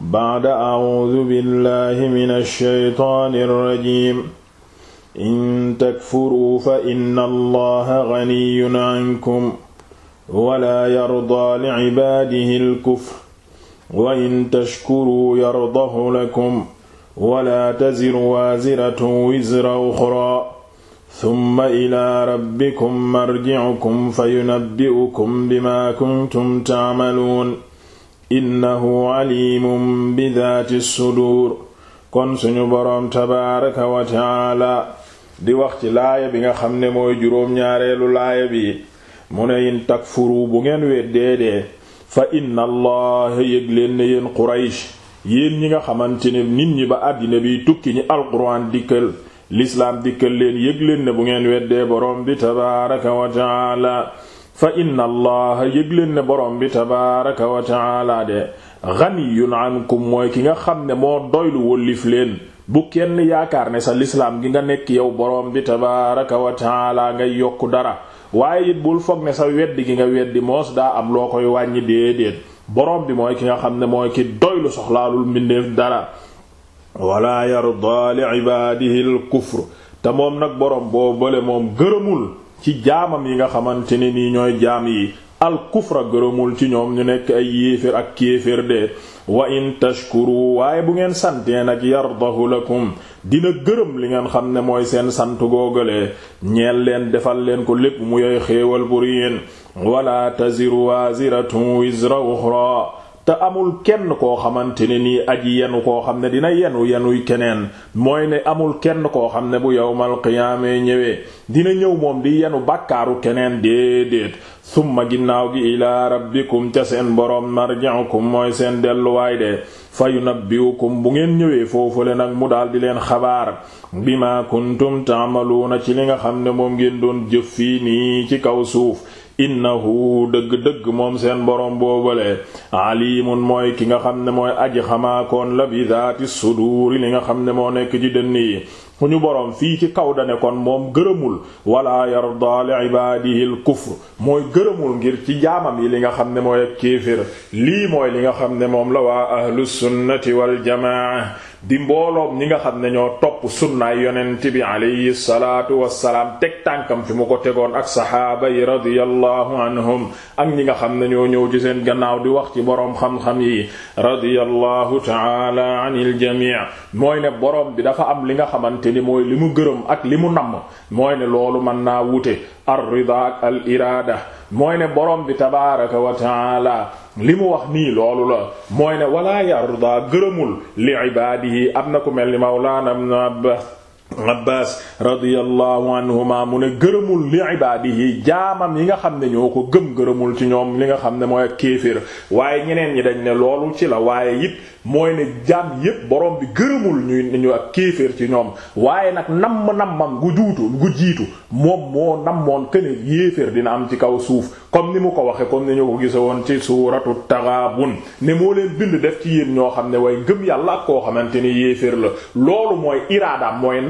ba'da a'uudu billahi mina shaytaani rajiim in takfuruu fa inna allaha ganiyyun cankum wala yardaa licibaadihi alkufr wa in tashkuruu yardahu lakum wala taziru waasiratun wizra uxraa summa ilaa rabbikum marjicukum fayunabbi'ukum bimaa kuntum tacmaluun innahu alimun bi daati sudur kon suñu boroom tabaaraka wa taala di wax ci laaya bi nga xam ne mooy juróom-ñaareelu laaya bi mu ne in takfuru bu ngeen weddee dee fa inna allaha yëg leen ne yéen quraysh yéen ñi nga xamante ne nit ñi ba àddina bi tukki ñi alquran dikkal lislaam dikkal leen yëg ne bu ngeen weddee boroom bi tabaaraka wa taala fa inna allaha yëg leen ne borom bi tabaaraka wa taala de ganiyun ankum mooy ki nga xam ne moo doylu wóllif leen bu kenn yaakaar ne sa lislaam gi nga nekk yow borom bi tabaaraka wa taala ngay yokk dara waaye it bul foog ne sa weddi gi nga weddi moos daa am loo koy wàññi déedéet borom bi mooy ki nga xam ne mooy ki doylu soxlaalul mbindeef dara wala yarda li ibaadihi al te moom nag borom boo bale moom gërëmul ci jaamam yi nga xamante ne nii ñooy jaam yi al gërëmul ci ñoom ñu nekk ay yéefér ak kéefér de wa in tashkuru waaye bu ngeen santee nag yardahu lakum dina gërëm li ngeen xam ne mooy seen sant googalee ñeel leen defal leen ko lépp mu yoy xéewal pour yéen wala taziru waziratun wizra te amul kenn koo xamante ne nii aji yenu koo xam ne dina yenu yenuy keneen mooy ne amul kenn koo xam ne bu yawmal qiyaamee ñëwee dina ñëw moom di yenu bàkkaaru keneen déedéet summa ginnaaw gi ilaa rabbikum ca seen boroom marji'ukum mooy seen delluwaay de fa yunabbi'ukum bu ngeen ñëwee foofule nag mu daal di leen xabaar bima kuntum ta'maluuna ci li nga xam ne moom ngeen doon jëf fii nii ci kaw suuf innahu dëgg-dëgg moom seen borom boobale alimun mooy ki nga xam ne mooy aji xamaakoon la bi daati suduuri li nga xam ne moo nekk ci dënn yi mu ñu boroom fii ci kaw dane kon moom gërëmul wala yarda li ibaadihi al kufr mooy gërëmul ngir ci jaamam yi li nga xam ne mooy ak kéefér lii mooy li nga xam ne moom la waa ahlu sunnati wal jamaa di mbooloom ñi nga xam ne ñoo topp sunnaay yonent bi alayhi salaatu wassalaam teg tànkam fi mu ko tegoon ak saxaaba yi radiyallahu anhum ak ñi nga xam ne ñoo ñëw ci seen gannaaw di wax ci boroom xam-xam yi radiyallahu ta'ala anil jamii mooy ne boroom bi dafa am li nga xamante ni mooy li mu gërëm ak li mu namm mooy ne loolu mën naa wute ar-ridaa al iraada mooy ne borom bi tabaaraka wa taala li mu wax nii loolu la mooy ne wala yarda gërëmul li ibaadihi am na ku mel ni mawlaana ibn Abbaas abbas radiyallahu anhuma mu ne gërëmul li ibaadihi jaamam yi nga xam ne ñoo ko gëm gërëmul ci ñoom li nga xam ne mooy ak kéefér waaye ñeneen ñi dañ ne loolu ci la waaye it mooy ne jaam yépp borom bi gërëmul ñuy ñu ak kéefér ci ñoom waaye nag namm nammam gu juutu gu jiitu moom moo nammoon këne yéefér dina am ci kaw suuf comme ni mu ko waxe comme ni ñu ko gisa woon ci suuratu taghabun ne moo leen bind def ci yéen ñoo xam ne way gëm yàlla ak koo xamante ni yéefér la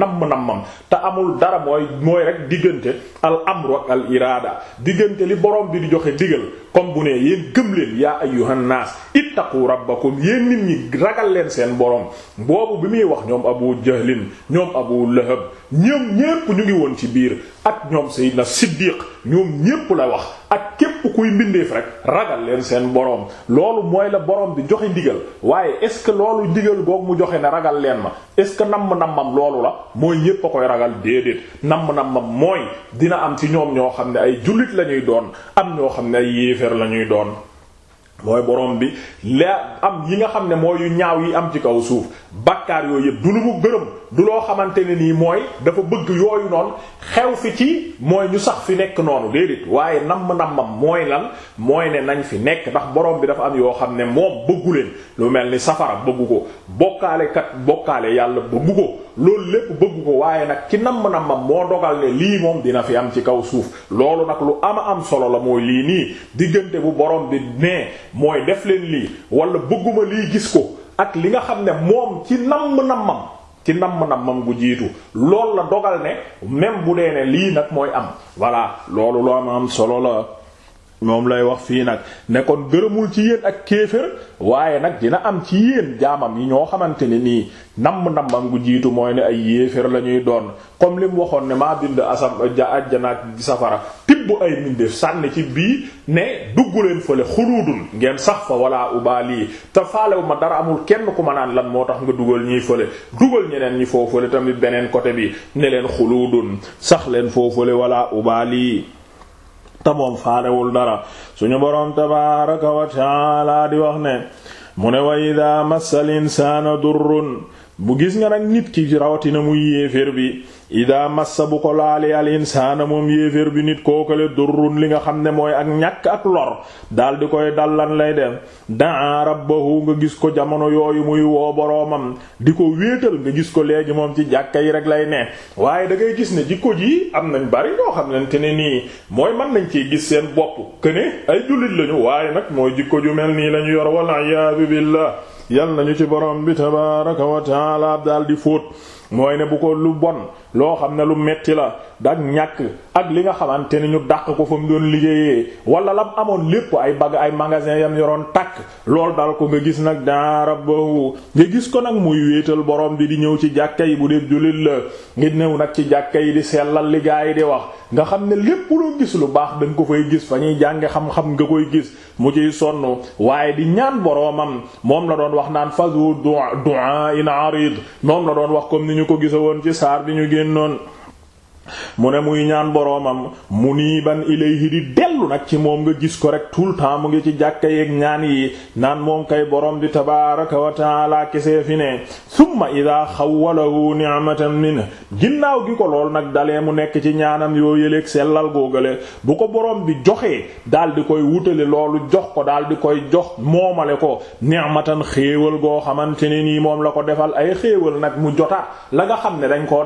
namm-nammam te amul dara mooy mooy rek diggante al amru ak al iraada diggante li borom bi di joxe digal comme bu ne yéen gëm leen yaa ayyuhan naas ittaqu rabbakum yéen nit ñi ragal leen seen borom boobu bi muy wax ñoom abu jahlin ñoom abu lahab ñoom ñépp ñu ngi woon ci biir ak ñoom sayyidna siddiq ñoom ñépp la wax ak képp kuy mbindeef rek ragal leen seen boroom loolu mooy la boroom bi joxe ndigal waaye est-ce que loolu ndigal googu mu joxe na ragal leen ma est-ce que namm nammam loolu la mooy ñépp a koy ragal déedéet namm nammam mooy dina am ci ñoom ñoo xam ne ay jullit la ñuy ñoo xam ne ay yéeféer lañuy doon mooy borom bi la am yi nga xam ne mooy yu ñaaw yi am ci kaw suuf bakkaar yooyu yëpp du lu mu gërëm du loo xamante ne nii mooy dafa bëgg yooyu noonu xew fi ci mooy ñu sax fi nekk noonu déedéet waaye namm nammam mooy lan mooy nañ fi nekk ndax borom bi dafa am yoo xam ne moom bëggu leen lu mel ni safara bëggu ko bokkaale yàlla bëggu loolu lépp bëggu waaye nag ci namm nammam moo dogal lii moom dina fi am ci kaw suuf loolu nag lu ama am solo la mooy lii nii diggante bu borom bi nee. mooy def leen lii wala bëgguma lii gis ko ak li nga xam ne moom ci namm-nammam ci namm-nammam gu jiitu loolu la dogal ne même bu dee ne lii nag mooy am voilà loolu loo am am solo la moom lay wax fii nag ne kon gërëmul ci yéen ak kéefër waaye nag dina am ci yéen jaamam yi ñoo xamante ni nii namm nammam gu jiitu mooy ne ay yéefër la ñuy doon comme li mu waxoon ne maa bind asam ja àjjana ak safara tibb ay mindeef sànni ci bii ne dugg leen fële xuluudul ngeen sax fa wala ubaali te faalewu ma dara amul kenn ku ma naan lan moo tax nga dugal ñiy fële dugal ñeneen ñi foo fële tamit beneen côté bi ne leen xuluudun sax leen foo fële wala ubaali te moom faalewul dara suñu boroom tabaaraka wa taala di wax ne mu ne wa idaa massal insaana durrun bu gis nga nag nit ki rawatina muy yéeféer bi ida massa bu ko laalee al insaana moom yéeféer bi nit kookale durrun li nga xam ne mooy ak ñàkk ak lor daal di koy dallan lay def daa rabbahu nga gis ko jamono yooyu muy woo boroomam di ko wéetal nga gis ko léegi moom ci jàkka yi rek lay ne waaye da ngay gis ne jikko ji am nañ bari ñoo xamante ne nii mooy man nañ ciy gis seen bopp këne ay jullit lañu waaye nag mooy jikko ju mel nii lañu yor wa iyaadu yal nañu ci borom bi tabaaraka wa taala daal di fóot mooy ne ko lu bon loo xam ne lu metti la dak ñàkk ak li nga xamante ni ñu daq ko fa mu doon liggéeyee wala lam amoon lépp ay bag ay magasin yam yoroon takk lool dal ko nga gis nag daa rabbahu nga gis ko nag muy wéetal boroom bi di ñëw ci jàkka yi bu dee jullit la ngi ñëw nag ci jàkka yi di sellal li gaa yi di wax nga xam ne lépp loo gis lu baax da ko fay gis fa ñuy jànge xam-xam nga koy gis mu ciy sonn waaye di ñaan boroomam moom la doon wax naan fazu du'a in arid moom la doon wax comme ni ñu ko gisa woon génnoon mu ne muy ñaan boroomam muniiban ilayhi di dellu nag ci moom nga gis ko rek tout le temps mu ngi ci jàkka yeeg ñaan yi naan moom kay boroom di tabaaraka wa taala kesee fi ne summa idaa xawwalahu ni na ginnaaw gi ko lool nag dalee mu nekk ci ñaanam yoo yëleeg sellal góogale bu ko boroom bi joxee daal di koy wutale loolu jox ko daal di koy jox moomale ko ni'matan xéewal goo xamante ne nii moom la ko defal ay xéewal nag mu jotaat la nga xam ne dañ ko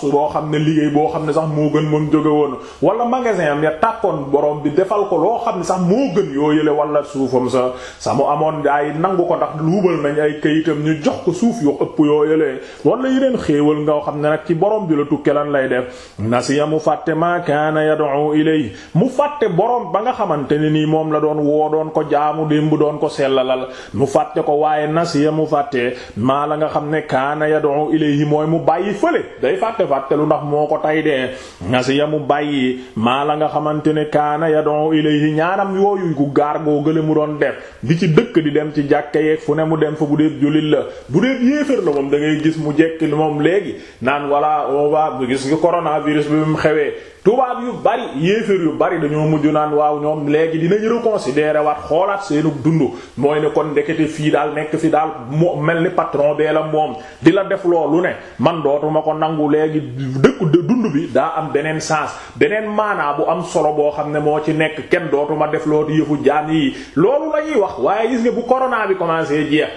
force boo xam ne liggéey boo xam ne sax moo gën moom jóge woon wala magasin am ya tàkkoon borom bi defal ko loo xam ne sax moo gën yoo yële wala suufam sa sa mu amoon ay nangu ko ndax luubal nañ ay kayitam ñu jox ko suuf yu ëpp yoo yële wala leen xéewal nga xam ne nag ci borom bi la tukke lan lay def nasiya mu fàtte ma kaana yad'u ilay mu fàtte borom ba nga xamante ne nii moom la doon woo doon ko jaamu démb doon ko sellalal mu fàtte ko waaye nasiya mu fàtte maa la nga xam ne kaana yad'u ilayhi mooy mu bàyyi fële day koy fàttelu ndax moo ko tay dee nasiya mu bàyyi maa la nga xamante ne kaana yad'u ilayhi ñaanam yooyu gu gaar goo gële mu doon def di ci dëkk di dem ci jàkka yeeg fu ne mu dem fa bu dee jullit la bu dee yéefér la moom da gis mu jekki moom léegi naan voilà on va gis nga coronavirus bi mu xewee tubaab yu bari yéefér yu bari dañoo mujj naan waaw ñoom léegi dinañ reconsidérer waat xoolaat seenu dund mooy ne kon ndekete fii daal nekk fi daal moo mel ni patron bee la moom di la def ji dëkku dund bi daa am beneen sens beneen maanaa bu am solo boo xam ne moo ci nekk kenn dootuma def loo looti yëfu jaan yi loolu la ñuy wax waaye gis nga bu corona bi commencé jeex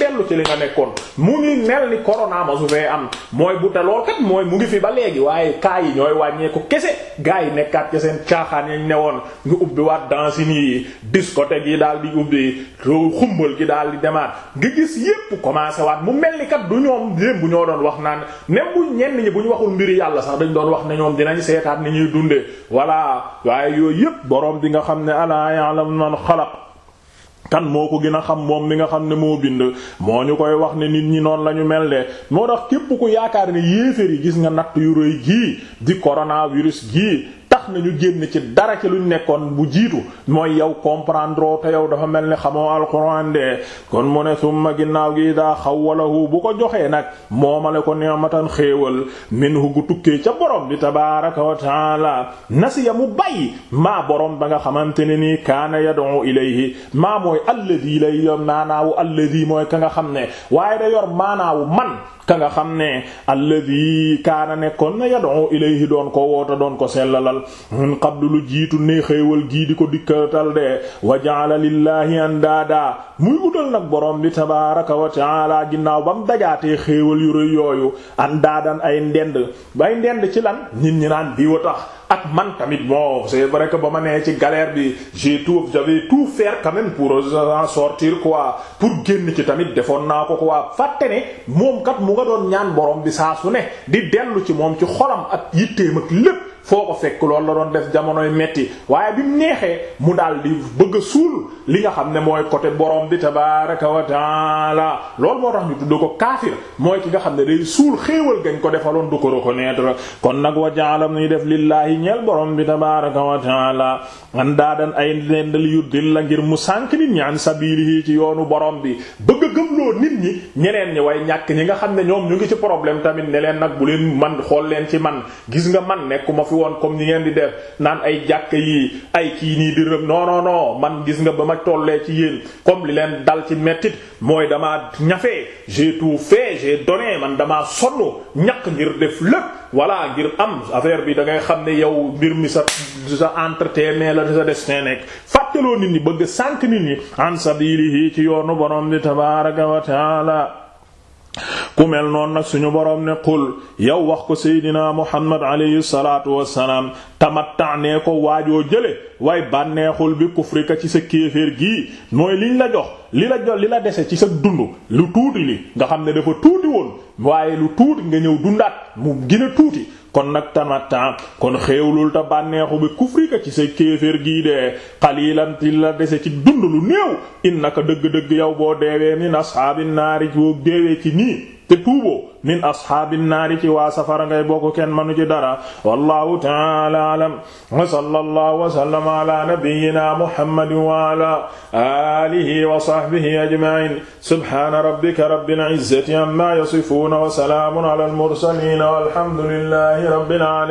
dellu ci li nga nekkoon mu ngi mel ni corona ma su fee am mooy bu te lool kat mooy mu ngi fi ba léegi waaye cas yi ñooy wàññeeku kese gars yi nekkaat ci seen caaxaan yañ ne woon ñu ubbi waat dansini yi discothèque yi daal di ubbi xumbal gi daal di demaat nga gis yépp commencé waat mu mel ni kat du ñoom démb bu ñoo doon wax naan même bu ñenn ñi bu ñu waxul mbiri yàlla sax dañ doon wax ne ñoom dinañ seetaat ni ñuy dundee voilà waaye yooyu yépp borom bi nga xam ne ala ya'lam man xalaq kan moo ko gën a xam moom mi nga xam ne moo bind moo ñu koy wax ne nit ñi noonu la ñu mel ne moo tax képp ku yaakaar ne yéeféer gis nga natt yu rëy gii di coronavirus gii tax nañu génn ci dara ci luñ nekkoon bu jiitu mooy yow comprendre te yow dafa mel ni xamoo alxuraan de kon mu ne summa ginnaaw gi daa xaw wala xawwalahu bu ko joxee nag moomale ko ni'matan xéewal minhu gu tukkee ca borom bi tabaaraka wa taala nasiya mu bàyyi maa borom ba nga xamante ne nii kaana yad'u ilayhi maa mooy alladi lay yor naanaawu alladi mooy ka nga xam ne waaye da yor maanaawu man ka nga xam ne alladi kaana nekkoon na yad'u ilayhi doon ko woota doon ko sellalal min qablu lu jiitu ne xéewal gii di ko dikkatal de wa ja'ala lillahi andaada muy utal nag borom bi tabaaraka wa ta'ala ginnaaw bam dajaatee xéewal yu rëy yooyu an andaadan ay ndend bay ndend ci lan nit ñi diwa tax ak man tamit bon c'est vrai que ba ma nee ci galère bi j'ai tout j'avais tout faire quand même pour en sortir quoi pour génn ci tamit defoon naa ko quoi fàtte ne moom kat mu nga doon ñaan borom bi saa su ne di dellu ci moom ci xolam ak yitteem ak lépp. foo ko fekk loolu la doon def jamonoy metti waaye bi mu neexee mu daal di bëgg suul li nga xam ne mooy côté borom bi tabaaraka wa taala loolu moo tax ñu du ko kaafir mooy ki nga xam ne day suul xéewal gañ ko defaloon du ko reconnaître kon nag wa jaalam def lillaahi ñeel boroom bi tabaaraka wa taala andaadan ay ndendal yu dil la ngir mu sànk nit ñaan sabiilihi ci yoonu boroom bi gëmloo nit ñi ñeneen ñi way ñàkk ñi nga xam ne ñoom ñu ngi ci problème tamit ne leen nag bu leen man xool leen ci man gis nga man nekkuma fi woon comme ñi ngeen di def naan ay jàkk yi ay kii nii di rëb non man gis nga ba ma tollee ci yéen comme li leen dal ci mettit mooy dama ñafe j'ai tout fait j'ai man damaa sonn ñàkk ngir def lépp voilà ngir am affaire bi da ngay xam ne yow mbir mi sa sa entretien la sa destin nekk fàttaloo nit ñi bëgg sànk nit ñi an sabilihi ci yoonu borom bi tabaraka ku mel noonu nag suñu boroom ne qul yow wax ko seydinaa muhammad alayhi salaatu wassalaam tamattaanee ko waajoo jële way bànneexul bi kufrika ci sa kéeféer gii mooy liñ la jox li la jox li la dese ci sa dund lu tuut li nga xam ne dafa tuuti woon waaye lu tuuti nga ñëw dundaat mu gën tuuti kon nag tamatta kon xéewlul te bànneexu bi kufrika ci sa kéeféer gii dee xalilan ti la dese ci dund lu néew innaka dëgg-dëgg yow boo deewee min ashaabin naari boo deewee ci nii te tuuboo min ashaabin naari ci waa safara ngay bokk kenn manu ci dara wallahu ta'ala alam wa sallallahu wa sallama ala nabiyyina muhammadin wa ala alihi wa sahbihi ajma'in subhana rabbika rabbil izzati amma yasifun wa salamun ala al mursalin walhamdulillahi rabbil alamin